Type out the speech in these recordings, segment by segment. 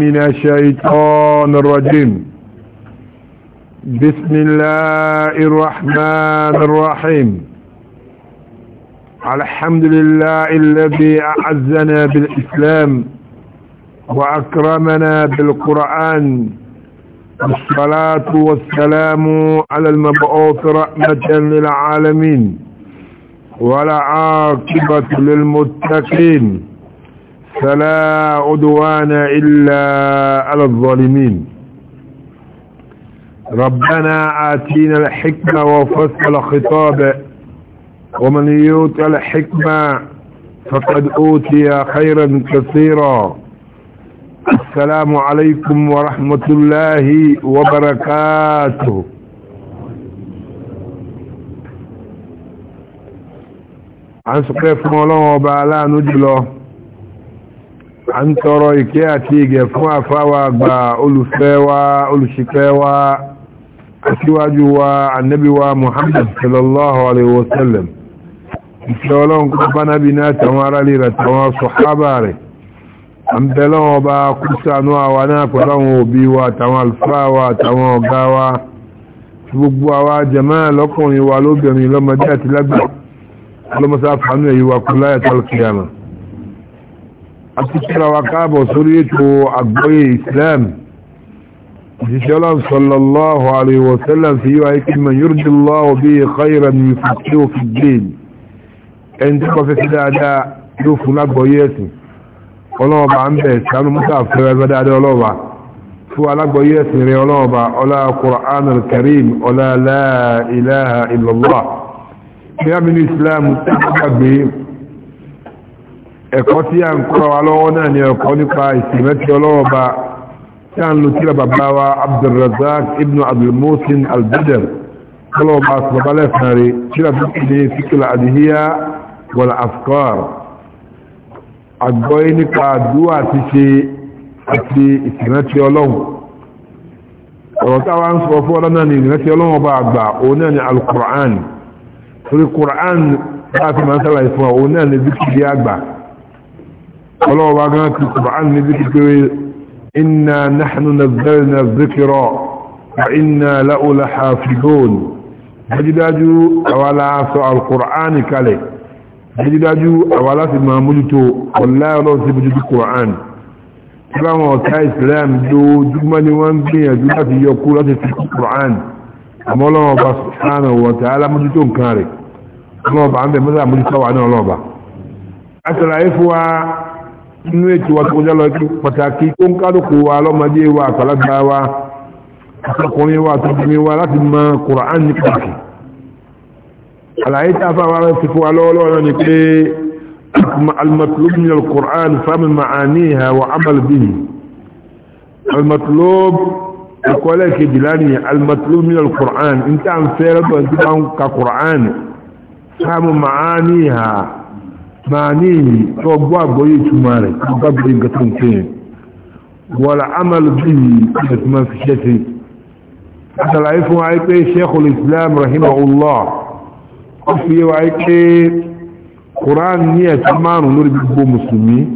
من الشيطان الرجيم بسم الله الرحمن الرحيم الحمد لله الذي أعزنا بالإسلام وأكرمنا بالقرآن الصلاة والسلام على المبعوث رحمة للعالمين ولا عاقبة للمتقين فلا عدوان إلا على الظالمين ربنا آتينا الحكمة وفصل خطابه ومن يوت الحكمة فقد أوتي خيرا كثيرا السلام عليكم ورحمة الله وبركاته عن سقف مولانا وبعلا نجله a ń tọrọ ìkẹ́ àti ìgẹ̀ fún àfáwà gba olùfẹ́ wa olùṣìkẹ́ wa aṣíwájú wa annabi wa muhammad sallallahu alaihi wasallam ìṣẹ́ ọlọ́run kọ́ bá nábi náà tàwọn ará lè rẹ̀ tàwọn sọ̀hábà rẹ̀ àmbẹ̀lọ́wọ́ ọba kúsànú àwa náà pẹ̀lú àwọn òbí wa àtàwọn àlùfáà wa àtàwọn ọ̀gá wa gbogbo àwa jàmáà lọ́kùnrin wa lóbìnrin lọ́mọdé àti lágbà ọlọ́mọsáfàánú èyí wa kú láyàtọ̀ akíkíra wa káàbọ̀ sórí ètò àgbọ́yé islam ìṣẹ́lá sallallahu alaihi wasallam fi yíwa ikú man yurdillahu bihi khayran yufaqihu fi ddin ẹni tí kọfẹ́ sí dáadáa yóò fún lágbọ́yé ẹ̀sìn ọlọ́ọ̀bá ń bẹ̀ sánú ẹ̀kọ́ tí a ń kọ́ wa lọ́wọ́ náà ni ẹ̀kọ́ nípa ìsìnmẹ́tì ọlọ́wọ́ bá tí a ń lo tíra bàbá wa abdulrazak ibn abdulmohsen albedel ọlọ́wọ́ bá sọ bàbá lẹ́sàn rí tíra tó kì ní síkìlà àdìhíyá wal afkar àgbọ́yé nípa àdúrà ti ṣe àti ìsìnmẹ́tì ọlọ́wọ́ ọ̀rọ̀ táwa ń sọ fún ọlọ́nà ni ìsìnmẹ́tì ọlọ́wọ́ bá àgbà òun náà alukur'an torí kur'an láti máa ń sálàyé fún ọ òun náà ni ọlọ́wọ́ bá gán ti kùbàán ní bí kíkiri iná náhànú na zẹ́rẹ̀ na zikirọ̀ a iná la'ula hafidon dájúdájú àwàlá sọ alkùrán kalẹ̀ dájúdájú àwàlá ti máa mójútó ọláyà ọlọ́wọ́ sí mójútó kùrán láwọn ọ̀tá islam lójúmọ́ ni wọ́n gbìyànjú láti yọ kú láti fi kùrán àmọ́ ọlọ́wọ́ inú ètò wa tó kọjá lọ pàtàkì tó ń kálùkù wa lọ́mọdé wa àtàlágbà wa àtọkùnrin wa àtọkùnrin wa láti mọ kùrán ní pàtàkì àlàyé tí a fà wá ti fún wa lọ́wọ́lọ́wọ́ náà ni pé المطلوب من القرآن فهم معانيها وعمل به المطلوب ẹ̀kọ́ lẹ́ẹ̀kẹ́ jìlánì almatulu min alkur'an in ta n fẹ́rẹ́ bọ̀ ti bá ń ka kur'an sáàmù ma'áníhà معنيه ربوا بوي تماري قبل قطنتين ولا عمل به كما في شيء هذا العيف وعيك شيخ الإسلام رحمه الله قفي وعيك قرآن نية تمان ونور بيبو مسلمين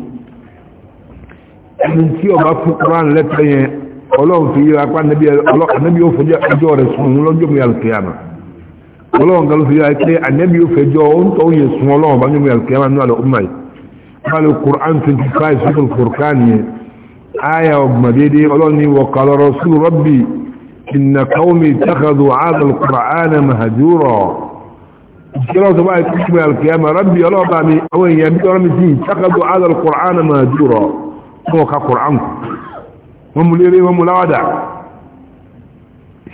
من tí ọba fún Quran lẹ́tẹ̀ẹ́ yẹn ọlọ́run fi yíra النبي níbi ọjọ́ rẹ̀ sùn lọ́jọ́ mi àlùkìyàmà ọlọ́run gan ló fi yára pé ànẹ́bí ó fẹjọ́ ó ń tọ́ òye sun ọlọ́run bá nínú ẹ̀kẹ́ máa ń lọ ọmọ yìí máa lo Qur'an twenty five sọ́kùn Qur'an yẹn aya ọgbọ̀n dédé ọlọ́run ní wọ́n kàlọ́ rasul rabbi inna qawmi takadu aadal Qur'an mahajuro ìṣẹ́lẹ̀ tó bá yẹ kí wọ́n ẹ̀kẹ́ máa rabbi ọlọ́ba mi àwọn èèyàn bí ọlọ́mi sí takadu aadal Qur'an mahajuro wọ́n ká Qur'an wọ́n mú lérè wọ́n mú láwàdà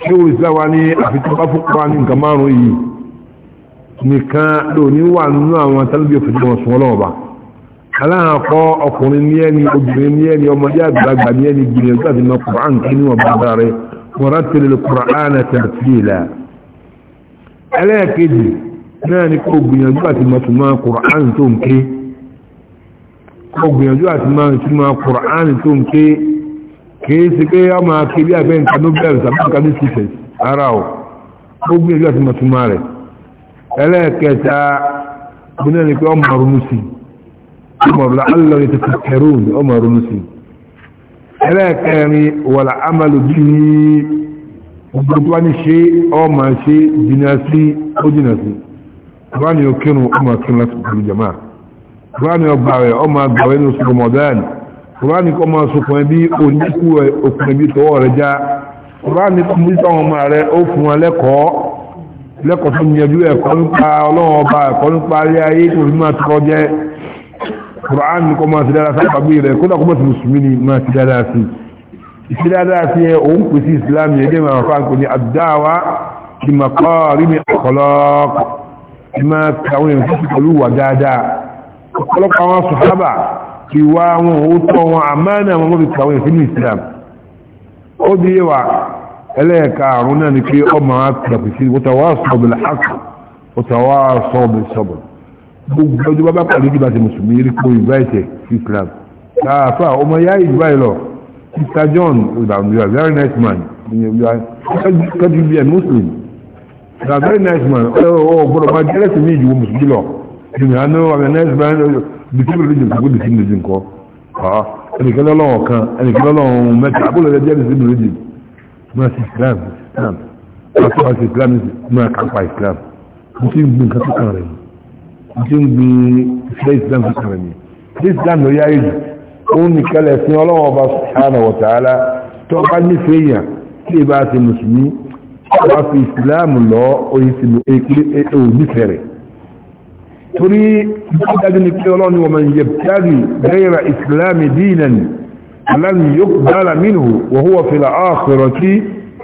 ṣéwò ìsìláwà ní àfikún bá fún pa ní nǹkan márùn-ún yìí nìkan ló ní wà nínú àwọn tálíbí òfin wọn sùn ọlọ́ọ̀bà aláàkọ́ ọkùnrin ní ẹni obìnrin ní ẹni ọmọdé àgbàlagbà ní ẹni gbìyànjú àti mọ kùrán kí ní wọn bá bá rẹ wọn kùrán tó ń ké kìí sí pé a máa kí bí àgbẹ̀ nǹkan ló bẹ̀rẹ̀ sàbí nǹkan ní sísẹ̀ ara ọ̀ ó gbìyànjú àti mọ̀túnmá rẹ̀ ẹlẹ́ẹ̀kẹta gbìyànjú ni pé ọmọ ronú sí ọmọ rọ̀lá alọ́ yẹn ti kẹrù ọmọ ronú sí ẹlẹ́ẹ̀kẹrin wọ̀lá amalu bí gbogbo tó wá ní ṣe ọmọ ṣe jìnà sí ó jìnà sí báyìí ó kírun ọmọ kírun láti gbogbo jama báyìí ó gbàwẹ̀ ọmọ gbàwẹ̀ ní oṣù ramadan kùránì kọ́ máa sọkùn ẹbí oníkú òkùn ẹbí tọwọ́ rẹ̀ já kùránì kọ́ mú ìtàn ọmọ rẹ̀ ó fún wọn lẹ́kọ̀ọ́ lẹ́kọ̀ọ́ tó yẹjú ẹ̀kọ́ nípa ọlọ́run ọba ẹ̀kọ́ nípa ayé ayé kò fi máa tọrọ jẹ́ kùránì kọ́ máa ti dára sí àgbàgbé rẹ̀ kódà kó bá ti mùsùlùmí ni máa ti dára sí ìṣe dára sí ẹ òun pè sí ìsìlámù yẹn dé màmá fáńkò ní àdáwà ti mà kọ́ rí mi ọ̀kọ̀lọ́kọ̀ ìwà wọn òótọ́ wọn àmánà wọn mọ́bí kàwọn ìfínú islam ó bí yíwa ẹlẹ́ẹ̀ka àrùn náà ni pé ọmọ àpàpì sí wọ́tawà sọ́bìlì àkù wọ́tawà sọ́bìlì sọ́bìlì gbogbo ọjọ́ bá pàdé jù bá ti mùsùlùmí rí kó ìgbà sí islam káàfà ọmọ yá ìgbà ìlọ Mr. John you are very nice man you are very nice man ọ̀gbọ́dọ̀ máa jẹ́rẹ́sì ní ìjùwọ̀ mùsùlùmí lọ bìtìmì religion kò bìtìmì religion kọ́ ẹnìkan lọ́lọ́wọ́ kan ẹnìkan lọ́lọ́wọ́ mẹ́ta abúlé rẹ̀ jẹ́ bìtìmì religion máa ṣe Islam Islam àti àti Islam máa kápá Islam mo ti ń gbin nǹkan tó kàn rẹ̀ ni mo ti ń gbin ìfẹ́ Islam tó kàn rẹ̀ ni ní Islam ló yáyé jù ó ní kẹlẹ̀ sí ọlọ́wọ́ bá subhanahu tó bá nífẹ̀ẹ́ yàn tí ì bá ṣe mùsùlùmí tó bá fi Islam lọ oyin sí mi èyí pé ó nífẹ̀ẹ́ rẹ̀ torí dájú ni pé ọlọ́ni wọ́n yẹ dárí gẹ́rẹ̀ ìsìlámi dínan alámi yóò dára mínú wọ́húwọ́ fìlà áàkùrọ̀ tí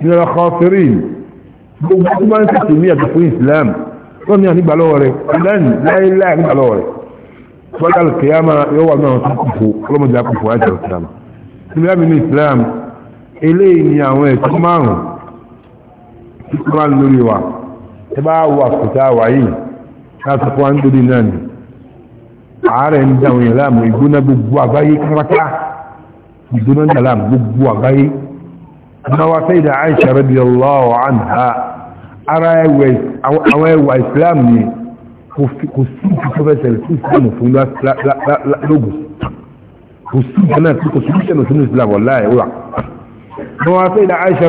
nílá kọfírí gbogbo tó bá ń tètè ní àti fún ìsìlám tó ní ànígbàlọ́wọ́ rẹ̀ lẹ́nu láíláí ànígbàlọ́wọ́ rẹ̀ fọ́lá kìyàmá yóò wà náà tó kùfò ọlọ́mọdé akùfò àti ìsìlám ìsìlám ní ìsìlám eléyìí ni àwọn ẹ̀tọ́ márùn-ún tí kúrán lórí wa ẹ bá wà kùtà wáyìí káàkiri wá ń dóde náà ni ààrẹ ń dá òyìn láàmù ìgbóná gbogbo àgbáyé kárakátá ìgbóná ń dà láàmù gbogbo àgbáyé náwà sayida Aisha radiyallahu anha ara àwọn ẹwà Islam ni kò sí ìfẹ́fẹ́sẹ̀lẹ̀ sí Islam fún lógún kò sí ìfẹ́nà tí kò sí ìfẹ́nà sínú Islam wọ̀lá ẹ̀wà náwà sayida Aisha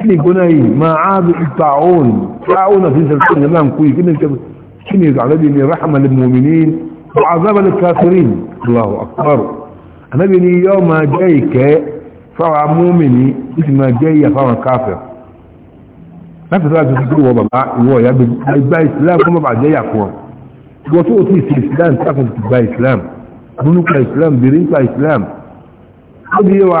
kini gunayi ma'adu ta'un ta'un fi zalzal zaman kuyi kini kini alabi ni rahma lil mu'minin wa azaba lil kafirin Allahu akbar anabi ni yawma jayka fa mu'mini isma jayya fa kafir láti sáájú ti kúrò wọ bàbá ìwọ ìyá gba islam kọ́ bàbá jẹ́ yàkùn wọ́n tó tí ìsìn islam sáfẹ́ ti gba islam múnú pa islam bèrè ń pa islam ó di yẹ wa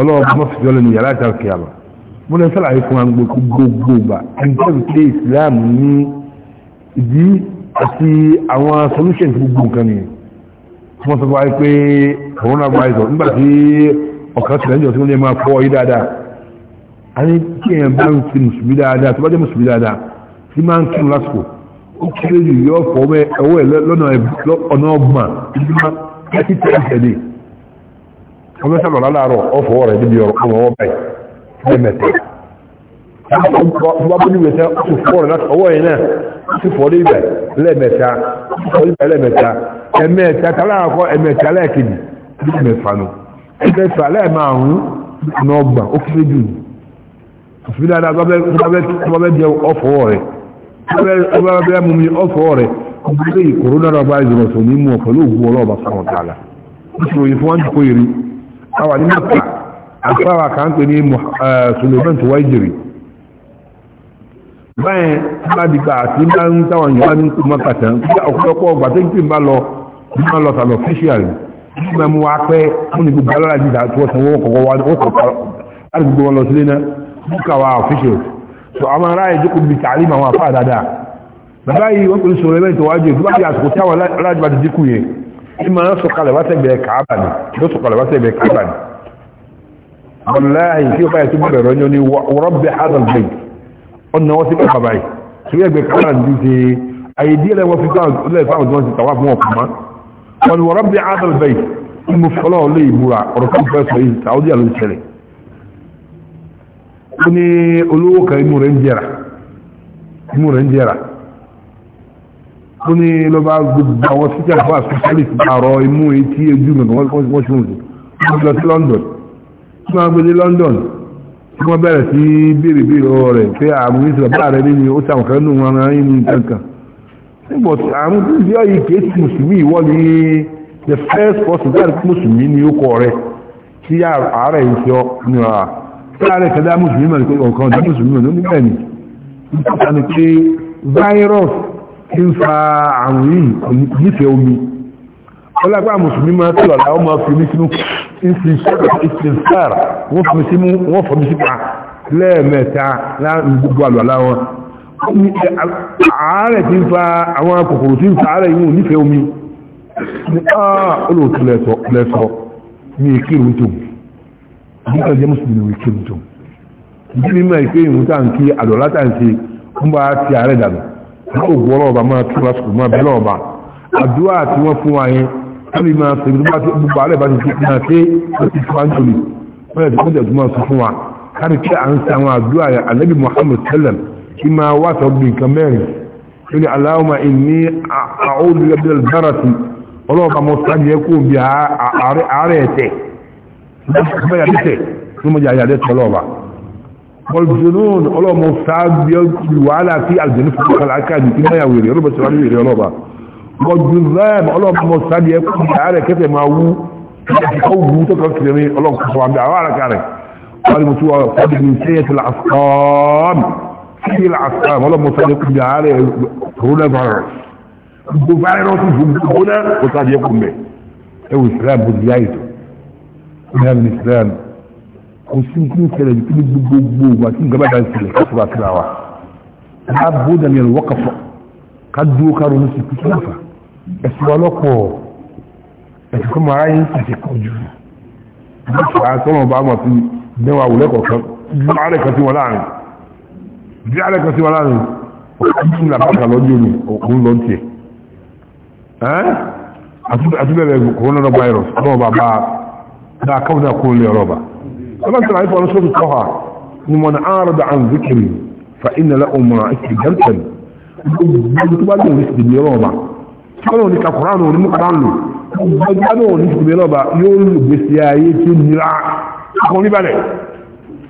ọlọ́wọ́ bọ́ fi jọ lẹ́nu yàrá ìtàkì àmà mo lè sàlàyé fún àwọn gbogbo gbà ẹgbẹ́ pé islam ní ìdí àti àwọn solution tí gbogbo nǹkan ni wọ́n sọ wáyé pé coronavirus nígbà tí ọ̀kan sílẹ̀ ń jọ tí wọ́n lè máa fọ́ yí dáadáa a ní kí èèyàn bá ń fi mùsùlùmí dáadáa tó bá jẹ́ mùsùlùmí dáadáa tí máa ń kí lásìkò ó kéré jù yọ ọ̀pọ̀ ọwọ́ ẹ̀ lọ́nà ọ̀nà ọgbọ̀n ìdúmọ̀ 30 times a day ọmọ sọ̀rọ̀ láàárọ̀ ọ̀fọ̀ rẹ̀ níbi ọ̀rọ̀ àwọn ọmọ báyìí lẹ́mẹ̀tẹ̀ wọ́n bí wẹ̀ sẹ́ ọ̀tún fọ́ rẹ̀ láti ọwọ́ yẹn náà ti fọ́ ní ibẹ̀ lẹ́mẹ̀ta fọ́ ibẹ̀ lẹ́mẹ̀ta ẹ̀mẹ̀ta tàlàkọ́ ẹ̀mẹ̀ta lẹ́ẹ̀kejì lẹ́mẹ̀fà nù ẹ̀mẹ̀fà lẹ́ẹ̀márùn-ún ọ̀nà ọgbà ó kéré jù òfin dáadáa tọ́bẹ̀ jẹ ọ̀fọ̀ rẹ̀ tọ́bẹ̀ mú mi ọ̀fọ̀ rẹ̀ ọ̀gbẹ́ ìkòrónà àwà ní mẹ́ta àfáwà kà ń pè ní Suleiman tó wáyé jèrè báyẹn bá di gbà àti bá ń táwọn yóò wá ní kó mọ́ta tán kí ọ̀pọ̀lọpọ̀ ọgbà tó ń pè bá lọ bí wọ́n lọ sàlọ̀ fíṣíàlì bí wọ́n mú wa pẹ́ fún ní gbogbo alára jìdá tó ọ̀sán wọn kọ̀kọ́ wá ó sọ̀kọ́ láti gbogbo wọn lọ sílé náà búkà wa officials so àwọn ará ìjókòó bí tààrí àwọn àfáà dáadáa bàbá yìí wọ́n pè ní Suleiman tó ìmọ̀ náà sọ̀kalẹ̀ wá sẹ́gbẹ̀ẹ́ kàábà ni ló sọ̀kalẹ̀ wá sẹ́gbẹ̀ẹ́ kàábà ni wọláhì tí ó báyìí tó bẹ̀rẹ̀ rọ́nyọ́ ni wọ́rọ́bẹ̀ hadal bay ọ̀nà wọ́n sí pẹ̀lú bàbá yìí tí ó yẹgbẹ̀ kàábà ní ṣe àyè díẹ̀ lẹ́wọ́n fi fáwọn tí wọ́n ti tàwá fún ọkùnmá wọn wọ́rọ́bẹ̀ hadal bay ni mo fọlọ́ lé ìbúra ọ̀rọ̀ tó fẹ́ sọ yìí tàwọn díẹ̀ ló ń ṣẹlẹ̀ ó ní olówó kan inú rẹ̀ ń jẹ́ra ó ní ló bá gbogbo àwọn síkà fún àkọsílẹ̀ àrọ̀ imú etí ojú mẹ́gbọ́n wọ́n ṣe oúnjẹ ó lọ sí London tí wọ́n gbé ní London tí wọ́n bẹ̀rẹ̀ sí béèrè béèrè ọ̀rọ̀ rẹ̀ pé àrùn ìṣẹ̀lẹ̀ bá rẹ̀ nínú ó sàwọn kan nù wọn ara yín ní kankan nígbà tí àrùn tí ìdí ọ̀yìn kìí ti mùsùlùmí ìwọ ni the first person láti fún mùsùlùmí ni ó kọ rẹ tí ààrẹ ń ṣe ọ ní ọ̀rà tí ààrẹ kẹdá mùsùlùmí mọ̀ ní ọ̀kan ọ̀dọ́ mùsùlùmí mọ̀ ní bẹ́ẹ̀ ni virus kí ń fa àrùn yìí nífẹ̀ẹ́ omi ọlágbà mùsùlùmí máa tọ́lọ̀ láwọ́ máa fi mí sínú ìsìnsára wọ́n fọ́mí sí wọ́n fọ́mí sí pa lẹ́ẹ̀mẹ́ta láàrin gbogbo àlọ́lá wọn ààrẹ ti ń fa àwọn kòkòrò tí ń fa ààrẹ ìwọ̀n nífẹ̀ẹ́ omi ní àà olóòtú lẹ́sọ ní ìkírun tó nígbà jẹ́ mùsùlùmí ní ìkírun ògùn ọlọ́ọ̀bà máa tún lásìkò máa bẹ́ẹ̀ lọ́ọ̀bà àdúrà tí wọ́n fún wa yẹn lórí máa ṣe gbogbo àti gbogbo alẹ́ bá ti fi máa ṣe ó ti fún anjoli wọ́n yẹ kó tẹ̀sùn máa sọ fún wa kárí kí à ń sa àwọn àdúrà yẹn anabi muhammad sallam kí máa wá sọ bí nǹkan mẹ́rin lórí aláwọ̀mà ìní àóòdù ẹgbẹ́ والجنون الله مستعد وعلى في الجنون فوق العكاد كما يويري يا رب سبحانه وتعالى الله والجذاب الله مستعد يكون على كيف ما هو قوه تكرمي الله سبحانه وتعالى على كاره قال متوا قد من سيئة العصام في العصام الله مستعد يكون على هنا فرع وفيروس هنا وصاد يكون به هو الاسلام بدايته هذا الاسلام kò sí kí n ṣẹlẹ̀ ju kí ní gbogbo wa kí n gaba da ṣẹlẹ̀ ká sọ̀rọ̀ àti wa ká bó dàmì ẹ̀rọ wọ́kà fọ́ ká dúró ká ronú sí kúkú náà ẹ̀sùn wa lọ́pọ̀ ẹ̀sùn kọ́ máa yín àti kọ́ jù bí fà á sọ́nà bá mọ̀ sí dẹ́wà wò lẹ́kọ̀ọ́ kan bí alẹ́ kan sí wọn láàrin bí alẹ́ kan sí wọn láàrin ọ̀kan bí nà bàtà lọ́jọ́ ni òun lọ tiẹ̀ àtúbẹ̀rẹ̀ kòrónà virus ọlọ́ọ̀bà bá dáa káwọn náà kó lé ọlọ́ọ̀bà ọlọ́run tẹ̀lé àyíkọ́ ọlọ́sọ́ tó kọ́ha ni mọ̀nà àárọ̀dà àn zikiri fa iná lẹ́ ọmọ ìkì jẹ́ntẹ̀n gbogbo tó bá lè wí sí ìmìíràn ọba ọlọ́run ní ka kùránù ní mùkùránù gbogbo náà ní sí ìmìíràn ọba yóò lù gbèsè ayé tí ó nira akọni balẹ̀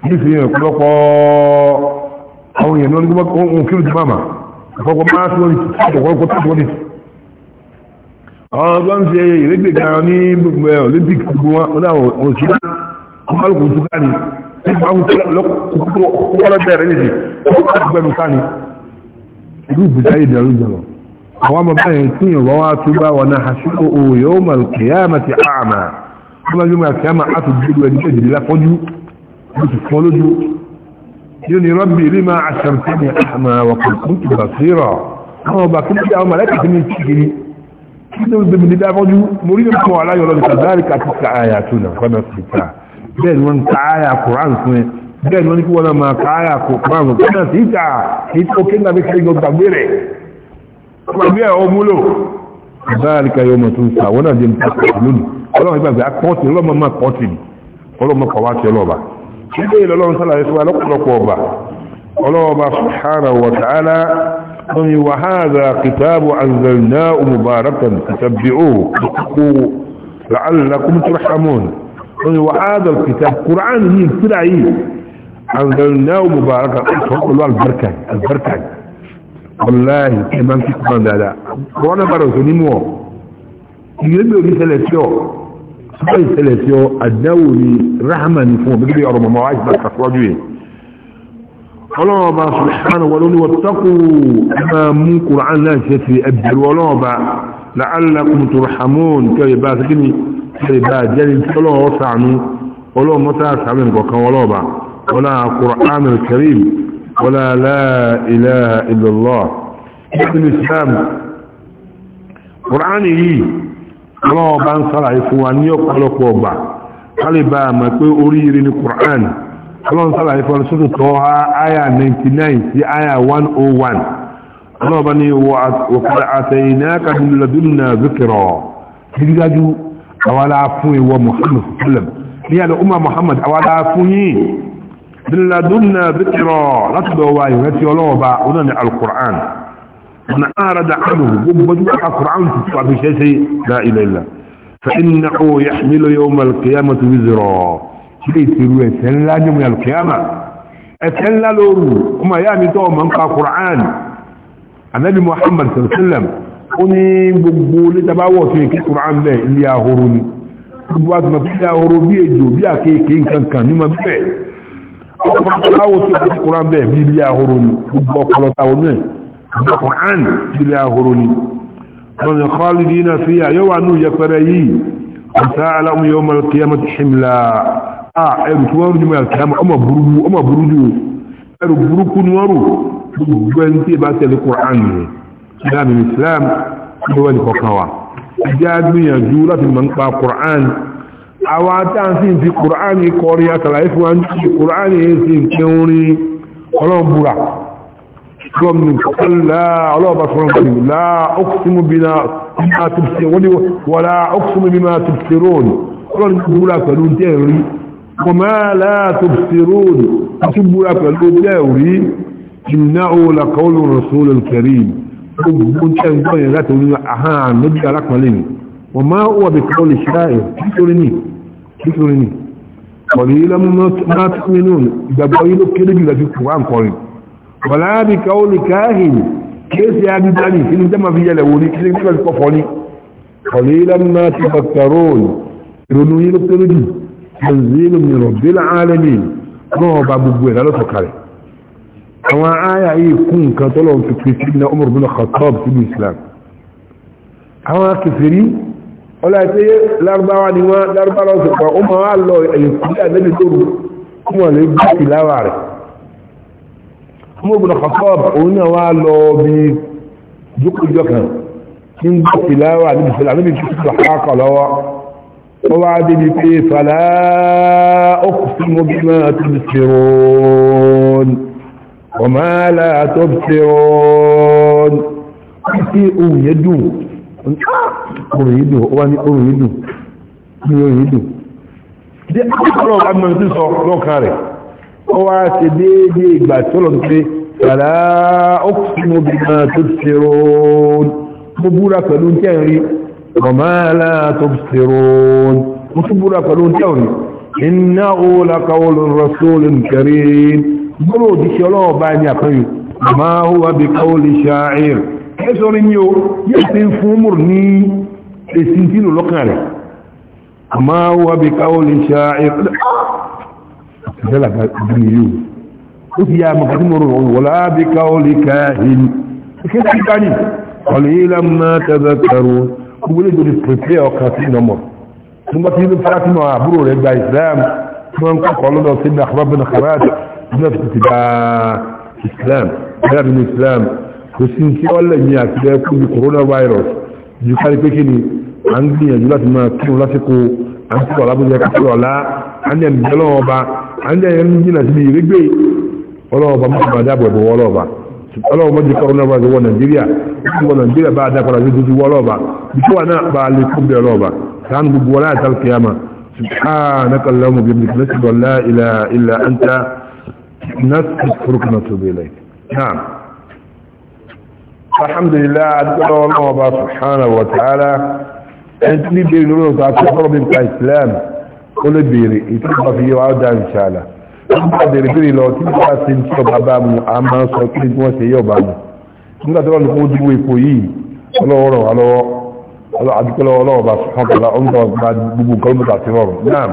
ní fi hàn púpọ̀ àwọn èèyàn náà ní gbogbo ohun eh, kí ló ti máma àkọ́kọ́ máa tó ní àkọ́kọ́ tó tó ní àwọn ọgbọ́n ti ẹ̀yẹ ìrégbè gan ní olympic gbogbo wọn láwọn òṣìṣẹ́ amálùkù tó ká ní nígbà kúkúrọ̀ bẹ̀rẹ̀ nìdí gbẹ̀rù ká ní ìlú ìbùdá ìdẹ̀rù jẹ̀rọ àwọn ọmọ báyìí tí ìwọ́n wá tó bá wọn náà ṣíkò òwò yóò mọ̀ kìyàmà ti àmà ọmọ yóò mọ̀ kìyàmà á ti dúdú ẹni tẹ̀lé láfọ́jú ó ti fọ́ lójú yóò ní rọ́bì rí máa àṣàmùtí ní àmà wọ̀kùn kún ti bà sí rọ̀ àwọn ọba kí ní àwọn mọ̀lẹ́kà tí ní kíkiri kí ní ó gbẹ̀mí ní dáfọ́jú mo rí ní ọkọ̀ aláyọ̀ lọ́dún kàdáríkà ti ta àyàtúnà fọ́nà sí ta bẹ́ẹ̀ ni wọ́n ń ka àyà Kùránì fún ẹ bẹ́ẹ̀ ni wọ́n ní kí wọ́n náà máa ka àyà Kùránì fún ẹ sí ìta kí tó kí nàbí kí ló gbàgbé rẹ̀ gbàgbé ẹ̀ ọmúlò ìbáraẹ̀ka yọmọ tó ń sà wọ́n náà di nǹkan lónìí ọlọ́run ìgbàgbé akọ́ọ̀tì ọlọ́mọ máa kọ́ọ̀tì wa lọ́pọ̀lọpọ̀ ọba ọlọ́ọ̀bà subhanahu wa ta'ala من وهذا كتاب أنزلناه مباركا فتبعوه لعلكم ترحمون وهذا الكتاب قرآن هي الكتاب هي أنزلناه مباركا الله البركة البركة والله في قرآن دادا وانا برسو نمو يجب يقول سلسيو سبعي سلسيو الدولي رحمة نفوه بكبه يا رب مواعيش بس أخواجوه قالوا الله سبحانه ولوني واتقوا أمام قرآن لا شفي أبدل ولوبا لعلكم ترحمون كيف باسكني kẹrìbá jẹ́rì ọlọ́wọ́ sàánú ọlọ́wọ́ mọ́ta sàmì nǹkan ọlọ́ọ̀bá wọlá kùrán kẹrìm wọlá láìlẹ́ ìlọ́lọ́ ìsìn islam kùrán yìí ọlọ́ọ̀bá ń sára ìfún wa ní ọ̀pọ̀lọpọ̀ ọgbà kálíbà mọ̀ pé oríire ni kùrán ọlọ́run sára ìfún wa sọ́tún tọ́ ha áyà 99 sí áyà 101 ọlọ́ọ̀bá ni wọ́n àtẹ̀yìn náà kàdùn lọ́dún náà zikirọ̀ awala fún ìwọ muhammad sallam ní àdá umma muhammad awala fún yìí dínládúnnà zikirọ̀ láti dọ̀wà ìrẹsì ọlọ́ọ̀bá ọdún ni alquran wọn arada da àrùn gbogbo jù alkur'an ti tó àfi ṣẹ́ṣẹ́ dá ilẹ̀ ilẹ̀ fa innahu yahmilu yawm alqiyamati wizra mal kiyama tó wizirọ̀ kí lè ti ru ẹ̀ṣẹ̀ ńlá ní mu alkiyama ẹ̀ṣẹ̀ ńlá lóru yá mi tọ́ ọmọ nǹkan alquran annabi muhammad sallallahu alaihi wasallam ó ní gbogbo létabáwọ̀ tó èké kùrán bẹ̀ ilé ahoro ni gbogbo àtùmọ̀ bí ilé ahoro bí èjò bí àkéèké nkankan ní ma bẹ̀ ọkọ̀ aláwọ̀ tó èké kùrán bẹ̀ bí ilé ahoro ni gbogbo ọpọlọ táwọn náà gbogbo kùrán bí ilé ahoro ni lọ́nà kọ́lù yìí náà fi àyọ́ wà nù yẹpẹrẹ yìí ọ̀sá aláwọ̀ yóò mọ̀ kíyàmọ̀ لام الإسلام هو الفقهاء جادني جولة من القرآن أواتان سين في القرآن كوريا تلايف وان في القرآن سين كوني ولم برا لا أقسم بنا بما تبصرون ولا أقسم بما تبصرون ولم برا كلون تيري لا تبصرون كم برا كلون تيري إنه لقول الرسول الكريم gbogbo ń tẹ́ ìgbọ́ yẹn láti orí àhán méjì alákùnrin ni wọ́n máa wà bí kọ́ lè ṣe ráyẹ̀ nítorí ní nítorí ní ọ̀rọ̀ yìí lọ́mú máa tún nínú ìgbàgbọ́ yìí ló kéré jù láti kù wá nkọrin wọ́n láàbí kọ́ lè káàhìn kéèsì agbígbáni kí ni jẹ́ máa fi yẹlẹ̀ wò ní kí ni nígbà tí ní ọ̀rọ̀ máa ti bàtàróòlù ìrònú yìí ló kéré jù tanzilu min rabbil alamin náà ọba gbogbo ẹ̀ هو آية يكون كتلو في كفرين عمر بن الخطاب في الإسلام هو كفرين ولا شيء الأربعة نوا الأربعة وسبعة أم الله يقول هذا بدور أم الله يقول لا وارد عمر بن الخطاب أن الله بيجوك جوكا إن جوك لا وارد بسلا نبي جوك الحاقة لوا وعد بي فلا أقسم بما تبصرون وما لا تبصرون في أم يدو أم يدو واني أم يدو أم يدو dé àkọ́rọ̀ agbọ̀n tí sọ lọ́kàn rẹ̀ ó wá ṣe déédé ìgbà tí ó lọ pé tààrà ókùnrin obìnrin tó ṣe rọ́ọ̀n mo búra pẹ̀lú tẹ́rin ọmọ́lá tó ṣe rọ́ọ̀n mo tún búra pẹ̀lú tẹ́rin iná ó lákàwọ́ lọ́rọ̀ sólùn kẹrin gbọ́nà òdíṣẹ́ ọlọ́wọ́ bá ní àpẹyù ma huwa bí káwọ́ lè ṣàáìr ẹ́sọ́ rí ní o yẹ́ ti fún múr ní èsì tí lò lọ́kàn rẹ̀ ma huwa bí káwọ́ lè ṣàáìr ó ti yá mọ̀kàtí mọ̀rọ̀ wọ́lá bí káwọ́ lè káàhìn ìkẹ́sí kání ọ̀lẹ́yìnlá máa tẹ́bẹ̀ kẹrù náà fi ti bá islam bẹ́ẹ̀ nínú islam kò sí ní kí wọ́n lè ní àkílẹ̀ kó bí coronavirus ju kárí pé kí ni à ń gbìyànjú láti máa kírun lásìkò à ń sọ̀rọ̀ lábújẹ kásìkò ọ̀la à ń yẹn ní ọlọ́wọ́ ọba à ń yẹn ní jìnnà síbi ìrégbè ọlọ́wọ́ ọba máa máa dáàbò ẹ̀bùn ọlọ́wọ́ ọba ọlọ́wọ́ mọ́jú coronavirus wọ nàìjíríà wọ nàìjíríà bá dáa padà sí tuntun نذكرك نتوب إليك نعم الحمد لله أدعو الله وبا سبحانه وتعالى أنت لي بيري نقول لك أتفر بمتع إسلام قل بيري يتبقى فيه وعودة إن شاء الله أنت بيري بيري لو تبقى سنسو بابامو أما سوكيد وسيو بابامو أنت تقول لك أدعو إفوي الله ورو الله أدعو الله وبا سبحانه وتعالى أنت بيري بيري نعم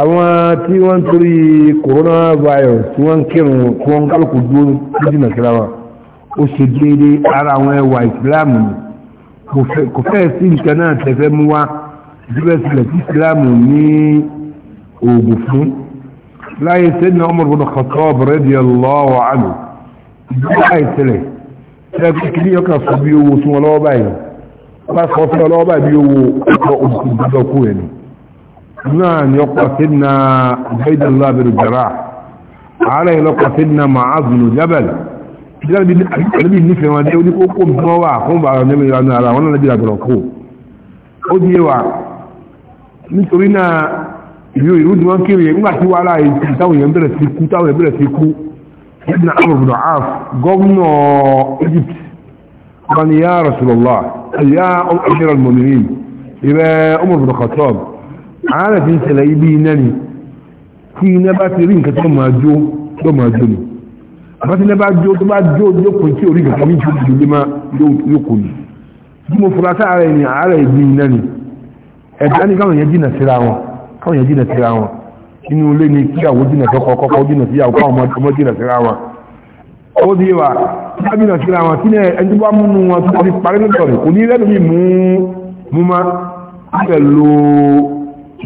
àwọn tí wọ́n torí coronavirus tí wọ́n kírun kí wọ́n kálùkù dúró lójú nàìjíríà wa ó ṣe déédé ara àwọn ẹwà ìsìláàmù kò fẹ́ sí nǹkan náà tẹ̀fẹ́ mú wá ìdíbẹ̀ sílẹ̀ sí ìsìláàmù ní oògùn fún láyé sẹ́dínà Umar bin Khattab radiyallahu anhu ìdíbẹ̀ àìsílẹ̀ tẹ́ẹ̀kì náà ni ọkọ̀ sínà Ubaydullah bin Jarrah ààrẹ ìlọ́kọ̀ sínà Mu'adh Jabal ìdábí nífẹ̀ẹ́ wọn dé oníkókó mọ́ wà fún bàrọ̀ nẹ́mí ìranú ara wọn lẹ́bí àgbọ̀rọ̀ kó ó di wà nítorí náà ìlú ìlú ni wọ́n kéré nígbà tí wàhálà ìtàwọn èèyàn bẹ̀rẹ̀ sí kú táwọn èèyàn bẹ̀rẹ̀ sí kú ibn Amr ibn Auf gọ́ọ̀nà Egypt wọn ni ya Rasulullah ya Amir al-Mu'minin ibẹ̀ Umar ibn Khattab ààrẹ fi ń ṣẹlẹ̀ ibi iná ni tí iná bá ti rí nǹkan tó máa jó tó máa jó ni àbá tí iná bá jó tó bá jó jókòó tí orí nǹkan méjì ojú lé má yókò ni bí mo fura sáà rẹ̀ ni ààrẹ ibi iná ni ẹ̀dá ni káwọn yẹn jìnà síra wọn káwọn yẹn jìnà síra wọn inú ilé ni kíyàwó jìnà sọ́kọ kọ́kọ́ jìnà síyàwó káwọn ọmọ jìnà síra wọn ó di wa tábìlì síra wọn tí ẹni bá múnú wọn tó ti parí lọ́dọ̀ kò ní lẹ́nu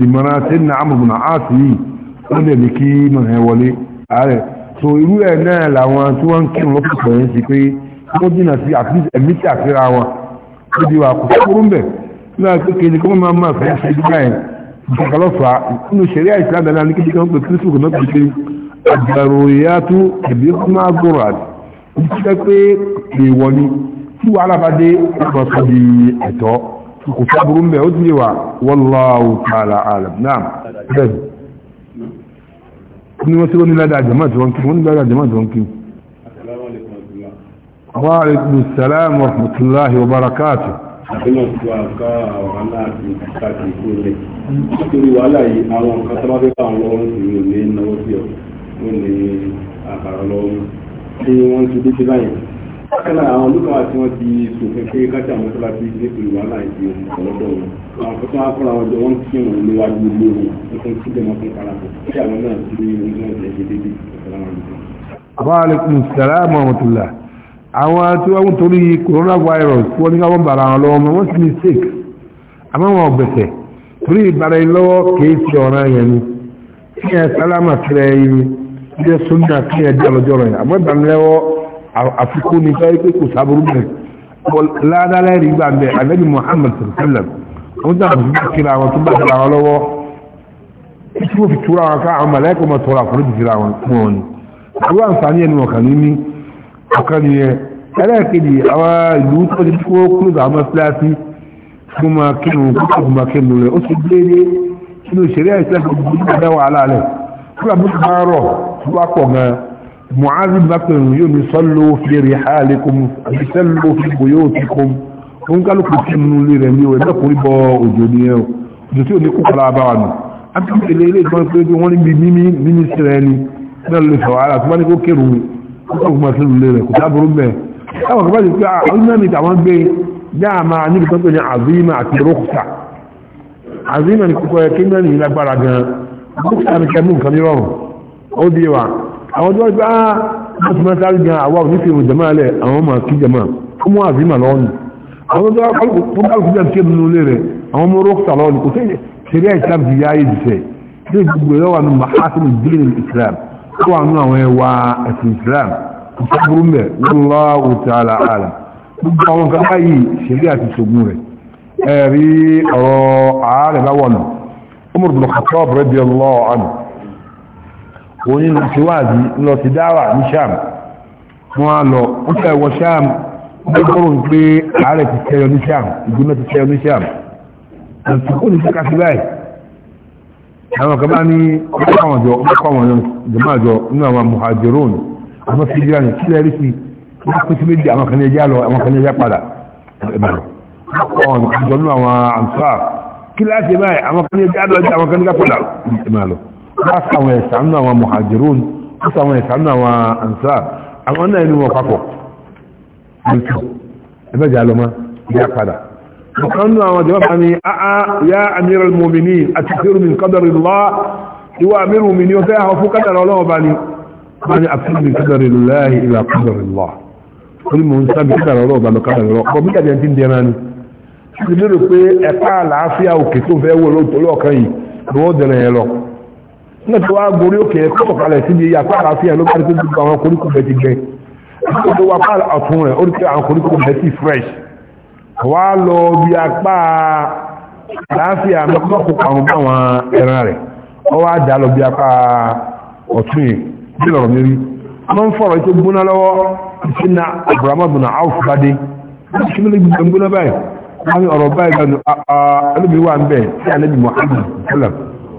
ìmọ̀ràn tí ń na amògùnà áàtì yìí wọ́n dẹ̀ ní kí mọ̀ràn ẹ̀ wọlé ààrẹ so irú ẹ̀ náà làwọn tí wọ́n ń kírun lọ́pọ̀lọpọ̀ yẹn sí pé wọ́n dínà sí ẹ̀mí tí àfihàn wọn ó di wà kò sókòrò ń bẹ̀ nígbà pé kejì kọ́ máa máa fẹ́ ṣe dúgbà yẹn ìṣàkálọ́fà nínú ṣẹ̀rí àìsàn dandan ní kíkọ́ pé kírísì kò náà pèsè àgbàròyàtú ẹ̀bí máa gbòòrò àti ó ti pẹ́ pé èèwọ̀ ni tí wàhálà bá dé ọ̀pọ̀ sọ di ẹ̀tọ́ kò sábúrú mẹ́ ó díye wa wallahu ta'ala alam náà bẹ́ẹ̀ ni wọ́n tí wọ́n ní ládá àjàmá tí wọ́n kí ní ládá àjàmá tí tí wọ́n ti dé sí báyìí kọ́nà àwọn olùkọ́ àti wọn ti sòfin pé káṣà àwọn mọ́sálásí ní ìlú wàhálà ìdí ọ̀pọ̀lọpọ̀ wọn àwọn kan tó wá kọ́ra wọn jọ wọ́n ti wọn níwájú ilé wọn nǹkan tí bẹ́ẹ̀ máa fún para pọ̀ kí àwọn náà ti ní ohun tí wọ́n ti ṣe déédéé Waaleykum salaam wa rahmatulah. Àwọn tí wọ́n torí coronavirus wọ́n ní káwọn bàrà àwọn lọ́wọ́ wọ́n sì ní sick. Àmọ́ wọn ò bẹ̀sẹ̀ torí ìbára ẹni lọ́wọ́ kìí ṣe ọ̀ràn yẹn ni. Kí ẹ sálámà tẹ̀lé yìí, kí ẹ kí ẹ dé ọlọ́jọ́ rẹ̀. Àmọ́ ìbára ẹni àfikún ní sáré pé kò sábúrú bẹ̀rẹ̀ ládàlá rí gbà bẹ̀ ànábì muhammad sallam wọ́n dà bí wọ́n kíra wọn tó bá kíra wọn lọ́wọ́ tí wọ́n fi túra wọn ká àwọn mọ̀lẹ́kọ̀ mọ̀ tọrọ àforíjì kíra wọn fún wọn ni àwọn àǹfààní ẹni ọ̀kan ní ní ọ̀kan ni ẹ ẹlẹ́ẹ̀kejì àwọn ìlú tó ti kó kúlóòdù àwọn mọ́síláṣí fún ma kínú kúkọ̀ fún ma kínú rẹ̀ ó ti déédé nínú ìṣẹ̀lẹ̀ ìṣẹ̀lẹ̀ gbogbo ìgbà wàhálà rẹ̀ fúlàmù ti máa rọ̀ wá pọ̀ gan-an معاذ بكر يوم صلوا في رحالكم صلوا في بيوتكم wọ́n kálùkù tí mú lè rẹ̀ ní ọ̀rẹ́ lọ́kùnrin bọ òjò ní ẹ̀ òjò tí ò ní kúkọ̀lá bá wà ní akíkèlé ilé ìgbọ́n pé bí wọ́n níbi mímí mímí sí rẹ̀ ni náà lè sọ̀rọ̀ ara tó bá ní kó kérù kúkọ̀kùnmọ̀ sí lè rẹ̀ àwọn tó wọ́n gbá ah, wọ́n ti máa sáré gan àwọn òní fèrè jama alẹ́ àwọn máa kí jama fún wọn àbí màlọ́ ni àwọn tó wọ́n bá kí jama nínú ilé rẹ̀ àwọn ọmọ rọ́ọ̀kì lọ́wọ́ ni kò sí ṣeré islam ti yáyé jùsẹ̀ ṣé gbogbo ẹ̀rọ wà nù mahasin dín islam tó wà nù àwọn ẹwà ẹ̀sìn islam kò sí burú mẹ́ wallahu ta'ala alam gbogbo àwọn kan báyìí ṣeré àti ṣògùn rẹ̀ ẹ̀rí ọ̀rọ̀ ààrẹ láwọ̀ nù Umar bin Khattab radiyallahu anhu òun nínú ti wáàdí lọ ti dáwà ní sham wọ́n á lọ ó fẹ́ wọ sham ó gbọ́rùn pé ààrẹ ti tẹ́yọ ní sham ìgbóná ti tẹ́yọ ní sham ẹ̀sùnkú ní kíkà sí báyìí àwọn kan bá ní ọmọkọ̀wọ̀jọ jọmájọ nínú àwọn muhajirun àwọn sí ìdíra ní kílẹ̀ rí sí wọ́n pín sí méjì àwọn kan ní ẹjá lọ àwọn kan ní ẹjá àwọn àǹfà láàkàwọn ẹ̀sà nínú àwọn muhajirun láàkàwọn ẹ̀sà nínú àwọn ansar àwọn náà ní wọn papọ̀ lókè ẹgbẹ́ jà lọ́mọ ìyá padà ọ̀kan nínú àwọn jọba bá ní àá ya amir al-muminin àti fẹ́rù min kọ́dọ̀rì lọ́ ìwà pé ẹ̀ka àlàáfíà òkè tó fẹ́ wọ lọ́ọ̀kan yìí ni wọ́n nígbà tó wá gorí òkè kọ́kọ̀ kalẹ̀ síbi apá àlàáfíà ló bá rí pé gbogbo àwọn koríko bẹ̀ ti gbẹ nígbà tó wá apá ọ̀tún rẹ̀ ó rí pé àwọn koríko bẹ̀ ti fresh wá lọ bí apá àlàáfíà mọ́kànlọ́kọ̀ àwọn báwọn ẹran rẹ̀ ó wá dà lọ bí apá ọ̀tún yìí bí lọ́rọ̀ mi rí wọ́n ń fọ̀rọ̀ tó gbóná lọ́wọ́ ìsinà Abraham bin Auf bade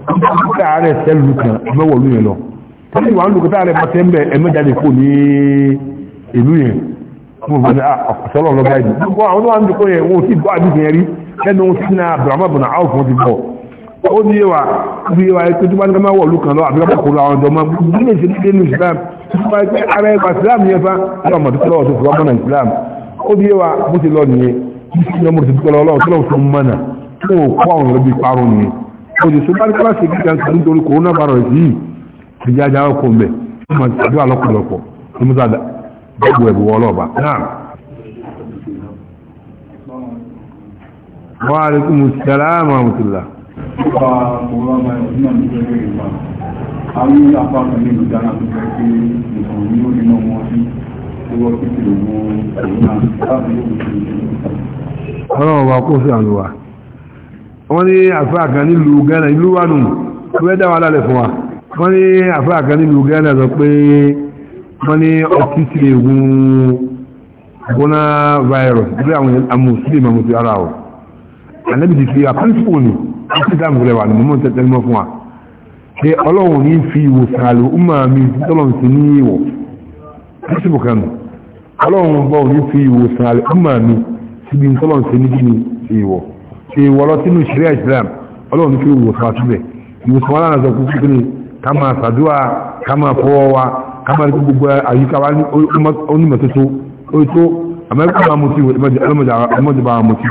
kúta rẹ̀ sẹ́lù kan mẹ́wọ̀lú yẹn lọ tẹ́lẹ̀ ìwà ń lò kúta rẹ̀ pàtẹ́ mbẹ́ ẹ̀mẹ́jáde kò ní ìlú yẹn mo bọ̀ ní ah, ọ̀sọ́lọ̀ lọ́gbà yìí gbogbo àwọn wa ń dùkọ́ yẹn wọn ò sì gbọ́ àdúgbò yẹn rí lẹ́nu wọn sì ní abdulhamid bin awf wọn ti bọ̀ ó ní yẹ wa bí yẹ wa tó tó bá ní ká máa wọ̀lú kan lọ àbí ká kó àwọn ọ̀dọ́ máa gbogbo ní ìṣẹ́lẹ̀ nínú islam ní yẹ òjòsó bá ní kọ́lá sí kíkà sí nítorí kòrónà bàrọ̀ yìí ti jájá ọkọ̀ mẹ́ ọmọ àdó àlọ́kọ̀lọ́kọ̀ tó mú sáadà gbogbo ẹ̀bù ọlọ́ọ̀bà náà wọ́n àrí kí mo sẹ́lá àmà àmùtìlá ọlọ́ọ̀bà kó sí àlùwà wọ́n ní àfáà kan nílùú Ghana ìlú wà nù wẹ́dà wà lálẹ̀ fún wa wọ́n ní àfáà kan nílùú Ghana sọ pé wọ́n ní ọtí sí egun gbóná virus bí àwọn amùsùlùmí amùsùlùmí ara ọ̀ ànábì ti fi àpáńsìpò ní àti dáàmùlẹ̀ wà nínú tẹ́tẹ́ mọ́ fún wa pé ọlọ́run ní fi ìwòsàn àlò ọmọ mi tọ́lọ́run sí ní ìwọ̀ àpáńsìpò kan nù ọlọ́run bọ́ ní fi ìwòsàn àlò ọmọ mi síbi tọ́lọ́run sí ní ìwọ̀ ṣe wọlọ sínú ìṣẹ̀lẹ̀ Islam ọlọ́run kí ìwòsàn àtúbẹ̀ ìwòsàn wọn lánàá sọ kúkú kí ni ká máa ṣàdúrà ká máa fọwọ́ wa ká máa gbogbo àyíká wa onímọ̀ tuntun ó tó amẹ́ríkà máa mú sí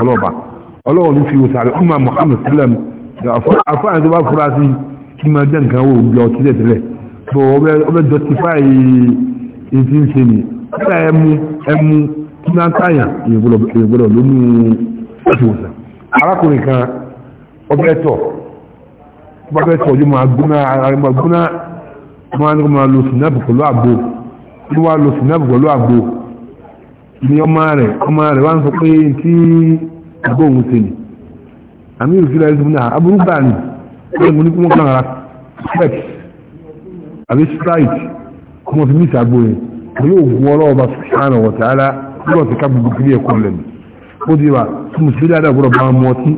ọlọ́mọdé ọlọ́ọ̀bà ọlọ́run fi ìwòsàn àlẹ́ ọmọ Muhammad sallam afọ́nà tó bá fura sí kí máa jẹ́ nǹkan wò lọ sílẹ̀ sílẹ̀ tó ọbẹ̀ justify ìdí ń ṣe ni ẹ̀mú ẹ̀mú kí máa ń tàyàn ìyẹ̀gbọ́dọ̀ lónìí ìwòsàn arákùnrin kan ọbẹ̀tọ̀ ọbẹ̀tọ̀ yóò máa gbóná ara rẹ̀ máa gbóná máa ní máa lo sinapu pẹ̀lú àgbo ní wàá lo sinapu pẹ̀lú àgbo ní ọmọ rẹ̀ ọmọ rẹ̀ wá sọ pé tí àgbo òun ṣe ni àmì ìrùsílẹ̀ ẹ̀sùn náà aburú gbà ní ọ̀rẹ́gun ní kí wọ́n kàn ra specs àbí sprite kí wọ́n fi mí ìtàgbò yẹn pẹ̀lú òògùn ọlọ́ọ̀bà sùkánà wọ̀tàálá bí wọ́n ti ká gbogbo ìpínlẹ̀ ẹ̀kọ́ lẹ́nu ó di wa mùsùlùmí dáadáa gbọ́dọ̀ bá mọ́ ọtí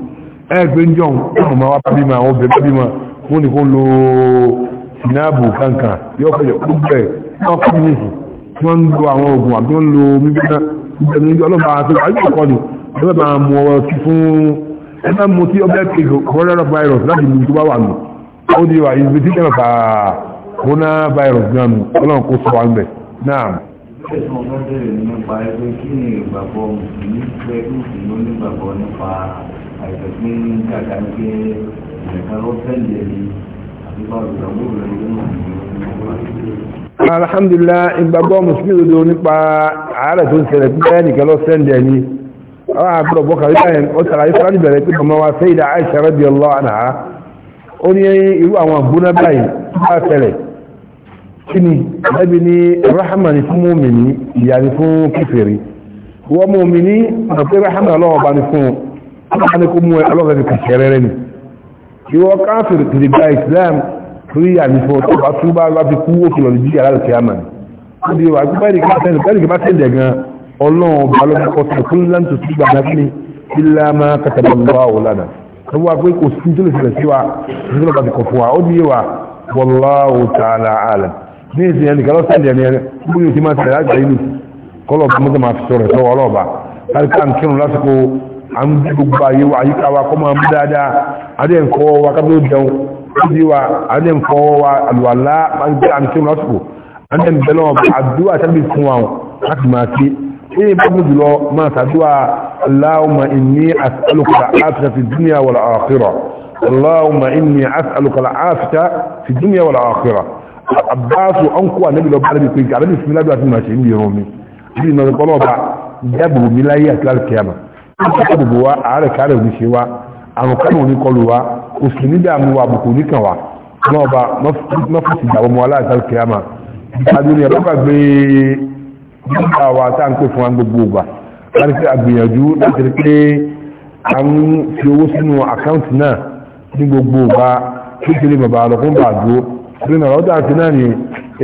ẹgbẹ́ ń jọ ọmọ máa wá bábí máa wọ́n bẹ bábí máa wọ́n ní kó ń lo sinabu kankan yóò fẹ́ yọ kó bẹ̀ náà kọ́ ní ìsìn tí wọ́n ń lo àwọn oògùn àbí wọ́n ń lo mímúná ìgbẹ̀mí ní ọlọ́mọ àti àyíkọ̀ kọ́ ni ẹgbẹ́ máa mọ ọtí fún ẹgbẹ́ mu tí ọbẹ̀ pé corona virus láti mú tó bá wà tẹ̀sán ọ̀gá bẹ̀rẹ̀ nípa ẹgbẹ́ kí ni ìgbàgbọ́ mùsùlùmí pẹ́ mùsùlùmí onígbàgbọ́ nípa àìsàn pé kàkà ń gbé ìrẹ̀ká lọ́tẹ̀lẹ̀ ni àti bá ìgbàgbọ́ rẹ̀ ní mùsùlùmí. alhamdulilah ìgbàgbọ́ mùsùlùmí dodo nípa àárẹ̀ tó ń ṣẹlẹ̀ pé nìkan lọ sẹ́ndẹ̀ ni àwọn àbúrò bọ́kàrí báyẹn ó sàlàyé kini ẹbí ni rahama ni fún mọ́mìnì ìyà ni fún kèfèrí wọ́n mọ́mìnì ọ̀pẹ́ rahama ọlọ́ọ̀bá ni fún ọlọ́ọ̀bá ni kó mú ẹ ọlọ́ọ̀bá ni kàṣẹrẹ rẹ ni ìwọ káfíìr kìlì gba islam torí ìyà ni fún ọtọ́ bá tún bá wá fi kú òkè lọ lójú yàrá lókè àmà ni ó di wà gbé báyìí ká sẹ́ni wọ́n wá pé kò ní ìsìn ẹnì kan lọ́sẹ̀ ẹ̀dẹ̀ ẹ̀rẹ́ bí yóò ti máa tẹ̀lé àgbà ìlú kọ́lọ̀ tó mọ́tò máa fi sọ̀rọ̀ sọ́wọ́ ọlọ́ọ̀bà káríkà ń kírun lásìkò à ń bí gbogbo ayé wa àyíká wa kọ́ máa mú dáadáa adé ń kọ́ wa kábíyó jẹun adé wa adé ń kọ́ wa àlùwàlá à ń kírun lásìkò adé ń bẹ́lọ́ àdúrà tẹ́lẹ̀ fún wa láti máa ṣe ee bá gbogbo lọ máa ṣàdúrà aláwọ̀mà ìní àtàlùkọ̀lá àfíà fi dúnìyà wọ̀lá àkírọ̀ àkírọ̀ àbáṣù ọ̀nkú ànẹ́bí lọ bá rẹ̀ pé kàrẹ́ ní ìsinmi ládùúgbà tí màá ṣe ń dìrún mi bí ìnà ọ̀rẹ́ kọ́lọ́ ọba dábòbò mi láyé àti láti kẹ́yàmà ó ti dábòbò wa àárẹ̀ kárẹ̀ òní ṣe wa àrùn kárẹ̀ òní kọlù wa òsì ní dààmú wa àbùkù ní kàn wa ọlọ́ọba mọ́fùsì ìdààmú ọmọ aláàtà kẹ́yàmà adúlé ẹ̀ bá gbé nígbà wa tá à ń pè fún wa gbogbo ògbà láti fi àgbìyànjú láti a pé à ń fi owó sínú àkáǹtì náà ní gbogbo ògbà kékeré bàbá lọ fún bàdúró ìrìnà ọ̀dọ́ àti náà ni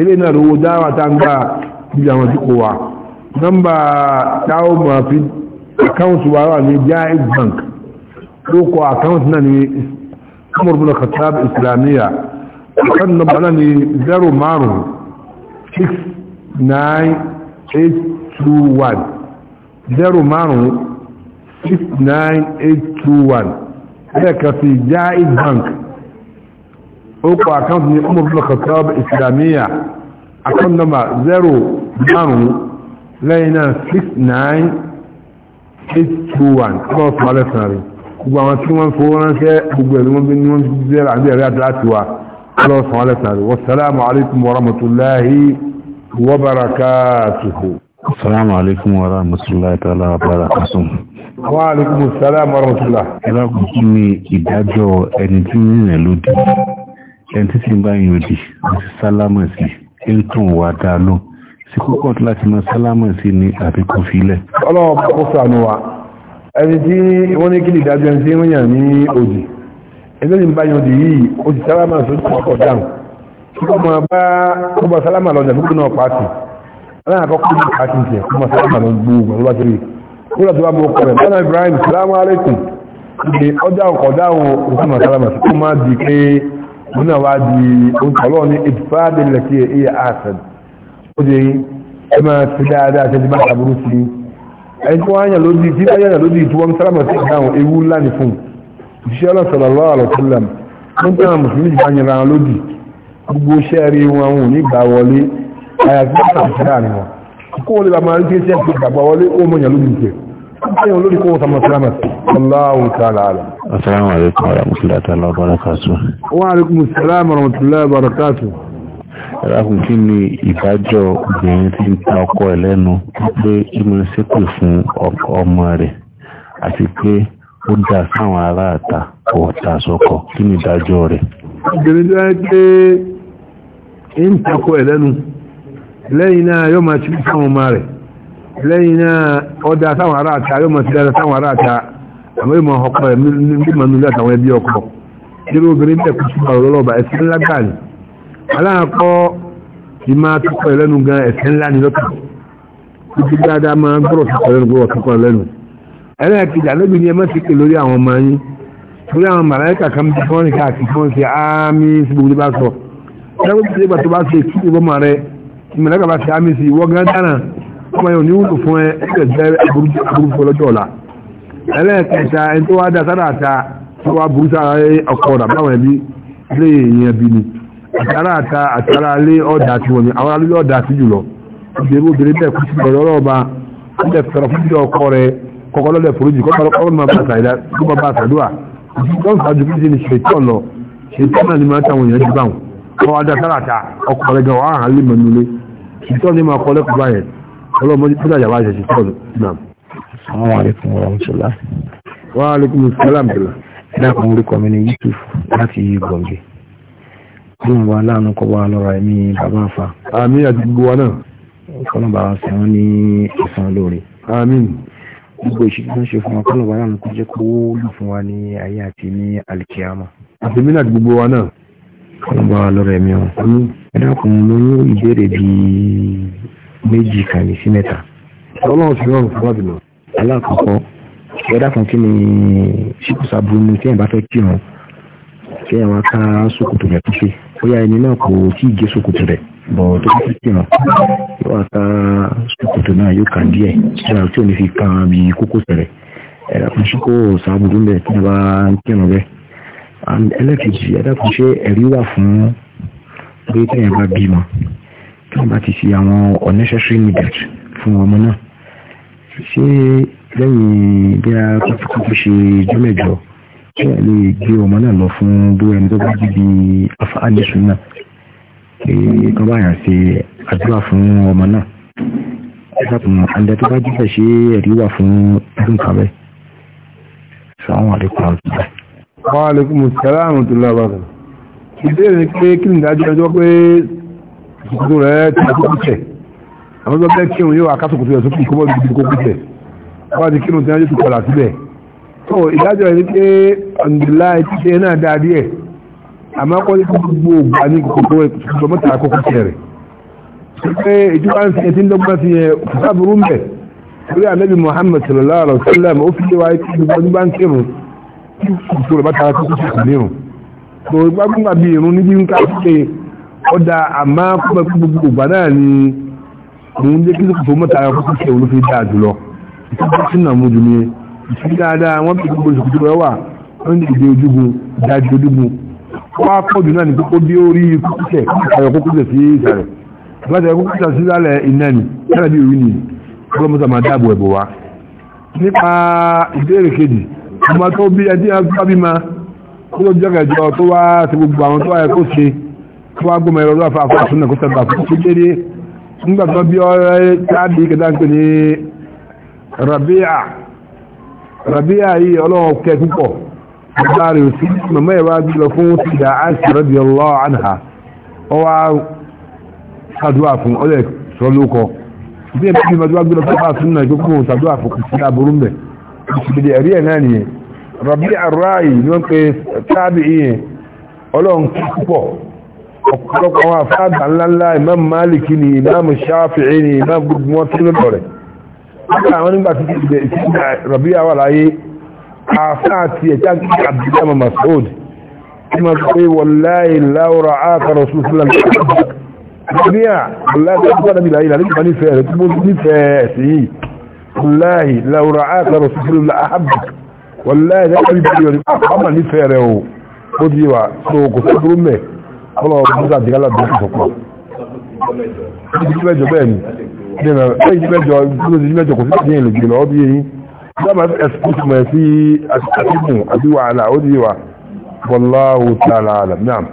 ilé náà lówó dáwà táńgbà ibi àwọn ìdíkò wa nọ́mbà táwọn máa fi àkáùntì wa wà ní jaiz bank lókọ àkáùntì náà ni umar bin khattab islamiyya kan nọ́mbà náà ni 05 69821 05 69821 ẹ̀ka sí jaiz bank 05 orúkọ àkáǹtì ní ọmọ ìbílọ̀ kọ̀tọ́b ìsìlámíyà àkáǹtì nọ́mbà 0 lẹ́yìn náà 69821 cross malesnary gbogbo àwọn tí wọ́n fowó ránṣẹ́ gbogbo ẹ̀lú wọn bí ní wọ́n ti zẹ́rà àbí ẹ̀rẹ́ àdáàtì wa cross malesnary wasalaamu alaikum wa rahmatulahi wa alaikum wa ta'ala wa Wa alaikum assalam wa rahmatullah. Ẹlọ́kùn kí ni ìdájọ́ ẹni tí ẹni tí ń bá yìí òdì àti sálámà sí ń tún wà dáa lọ sí kókọ̀ tó láti máa sálámà sí ní àbíkọ́ filẹ̀. ọlọ́wọ́ kó sànù wa ẹni tí wọ́n ní kí ìdájọ́ ẹni tí wọ́n yàn ní òdì ẹni tí ń bá yìí òdì yìí ó ti sálámà sí ojú ọkọ̀ dáhùn kí kò máa bá kó bá sálámà lọ jàdúgbò náà sí kó máa di pé muna wá di ọlọ́ ní ìfàdé lẹ́kí iya asad ó dé ẹmà sí dáadáa tẹ́jú bá àbúrú sí ẹni tó wáyà lódì tí wáyà náà lódì tí wọ́n sálámà sí ìdáhùn ewu ńlá ní fún ìṣẹ́ ọlọ́sọ̀lọ́lọ́ àlọ́sọ́lọ́m tó ń tẹ́wà mùsùlùmí jù báyìí ra lódì gbogbo iṣẹ́ rí ayo lórí kó wọ́n sàmọ̀ sílámà Allahu ta'ala alam assalamu alaikum wa rahmatullahi ta'ala wa barakatuh wa alaikum assalam wa rahmatullahi wa barakatuh ẹ̀rákùn kí ni ìdájọ́ obìnrin tí ń ta ọkọ ẹ̀ lẹ́nu pé ìmọ̀ ṣépè fún ọmọ rẹ̀ àti pé ó dà sáwọn aráàta ọ̀tà sọ́kọ̀ kí ni ìdájọ́ rẹ̀ obìnrin tí wọ́n pé ń takọ ẹ̀ lẹ́nu lẹ́yìn náà yóò máa ṣe fún ọmọ rẹ̀ lẹ́yìn náà ọdá sáwọn ará àta yóò mọ̀ sí dára sáwọn ará àta àwọn ìmọ̀ ọkọ̀ rẹ̀ mímọ̀ nílẹ̀ àtàwọn ẹbí ọkọ̀ nínú obìnrin bẹ̀ kú sípa ọ̀rọ̀lọ́ba ẹ̀sẹ̀ ńlá gbà ní aláàkọ́ ìmá tukọ̀ ẹlẹ́nu gan ẹ̀sẹ̀ ńlá ní lọ́tọ̀ títí dáadáa máa gbọ́rọ̀ tukọ̀ ẹlẹ́nu gbọ́rọ̀ tukọ̀ ẹlẹ́nu ẹlẹ́ẹ̀kejì alẹ́bí ni ẹ má ti pè lórí àwọn ọmọ yín lórí àwọn màláìkà tó bá ṣe kí ìwọ́n ọmọ yóò ní wúlò fún ẹ ẹgbẹ̀ jẹ́ aburúkú lọ́jọ́ ọ̀la ẹlẹ́ẹ̀kẹta ẹni tó wá dá sára àta tó wá burú sára ẹ ọkọ̀ ọ̀dà báwọn ẹbí lé èèyàn bí ni àtàrà àta àtàrà lé ọ̀dà àti wọ̀nyí àwọn alẹ́ ọ̀dà àti jùlọ obìnrin obìnrin bẹ́ẹ̀ kú sí ni ọlọ́ọ̀ba ilẹ̀ fẹ̀rọ̀ fún ìjọ ọkọ rẹ kọ́kọ́ lọ́lẹ̀ foríjì kọ́kọ́ lọ́lẹ̀ foríjì kọ́kọ́ ọlọ́mọdé tó dájà wáyé ṣe tọ́lù náà. Assalamu Wa alaikumus salam wa láàánú kọ́ wa lọ́ra ẹ̀mí bàbá àfà. Àmín àti gbogbo wa náà. Kọ́nà bàbá sí wọn ní ẹ̀sán lóore. Àmín. Gbogbo ìṣèjú tó ń ṣe fún wa kọ́nà bàbá náà kó jẹ́ kó lù fún wa ní ayé àti ní àlìkíyàmà. Àtẹ̀mí náà gbogbo méjì kàní sí mẹ́ta ọlọ́run ti rọrùn fún ọ̀bìnà alákọ̀ọ́kọ́ ẹ̀dá kan kí ni ṣíkùsà burú ni kéèyàn bá fẹ́ kí wọn kéèyàn wá ká ṣòkòtò rẹ̀ pípé bóyá ẹni náà kò tí ì gé ṣòkòtò rẹ̀ bọ̀ tó bá fẹ́ kí wọn yóò wá ká ṣòkòtò náà yóò kà díẹ̀ síra tí ò ní fi kan bí kókósẹ̀ rẹ̀ ẹ̀dá kan ṣíkò sàbùrú ń bẹ̀ tí wọ́n bá ń kírun bẹ́ẹ̀ tí wọ́n bá ti ṣe àwọn unnecessary needed fún ọmọ náà ṣé lẹ́yìn bí a kọ́kọ́ ṣe jọ́mẹ̀jọ́ ṣé ẹ lè gbé ọmọ náà lọ fún bó ẹni tó bá jíbi afáàlẹ́sùn náà pé kán bá yàn ṣe àdúrà fún ọmọ náà ṣàtúnmọ̀ àǹdẹ tó bá jíbẹ̀ ṣé ẹ̀rí wà fún ẹ̀dùn kàwé sàwọn àlékún àwùjọ. wàhálà kùmù sàlámù tó lábàtà ìbéèrè pé kí ni ìdájọ́ ẹjọ́ pé ìkókó rẹ̀ ti àkókò tẹ̀ àwọn tó bẹ́ẹ̀ kírun yóò akásòkò tó yẹ sókè kó bọ́ọ̀lù ìdíkó kó tẹ̀ wọ́n ti kírun tí wọ́n ti kọlà síbẹ̀ tó ìdájọ́ rẹ̀ pé ọ̀nìdìlá ti ṣe náà dáa díẹ̀ àmọ́ kọ́ ní gbogbo ògbà ní kòkòrò ìkòkòrò mọ́ta àkókò tẹ̀ rẹ̀ pé ìjọba ń fi ẹtí ń bẹ̀ orí ànábì ó da àmá gbogbo ìgbà náà ni òun jẹ́ kí lókùn tó mọ́ta ara fún ṣe olófi dáa jùlọ ìtọ́jú sí nàmú jù ní ìtọ́jú dáadáa wọ́n fi gbogbo ìṣòkòtò rẹ̀ wà wọ́n ní ìdè ojúgun ìdájú ojúgun wọ́n á pọ̀jù náà ní kókó bí ó rí kókósẹ̀ ayọ̀ kókósẹ̀ sí ìsàlẹ̀ láti ayọ̀ kókósẹ̀ sí nípa ìbéèrè kejì ọmọ tó bí ẹdí abíma kó ló jẹ́gẹ̀jọ tó wá sí gbogbo àwọn tó wáyé kó ṣe wá gbọ́mọ̀ ẹ̀rọ lọ́fà fún àtúnnà kó tẹ́bà fún tó dédé nígbàtọ́ bí ọ̀rẹ́ tábí kẹta ń pè ní rabia rabia yìí ọlọ́wọ́ kẹ púpọ̀ bàbá rẹ̀ sí mọ̀mọ́ ẹ̀wà lọ fún tìjà àìsí ọlọ́run kí púpọ̀ ọ̀pọ̀lọpọ̀ àwọn àfáàgbà ńláńlá imam maliki ni imam shafi'i ni imam gbogbo wọn tí lọ́dọ̀ rẹ̀ nígbà àwọn nígbà tí ìgbẹ̀ ìsìnkà rabi awà láyé àfáà ti ẹ̀já abdullah mama saud tí ma pé wọláyé láwùrọ̀ àkàrọ̀ sùsùlá nígbà wọláyé láwùrọ̀ àkàrọ̀ sùsùlá nígbà nífẹ̀ẹ́ rẹ̀ tí mo nífẹ̀ẹ́ sí yìí wọláyé láwùrọ̀ àkàrọ̀ sùsùlá àhàbùk wọláyé láwùrọ̀ àkàrọ̀ sùsùlá àhàbùk kọ́lọ̀ búrúkà jẹ́gálà bí i sọ̀pọ̀ ìjímẹ́jọ bẹ́ẹ̀ ni ìjímẹ́jọ ìjímẹ́jọ kò sí ìdí ìlú jùlọ ọdún yìí dábàá ẹ̀sùkútù mọ̀ sí àtìkù àbíwà àlà ó di wà wallahu ta'ala a'lam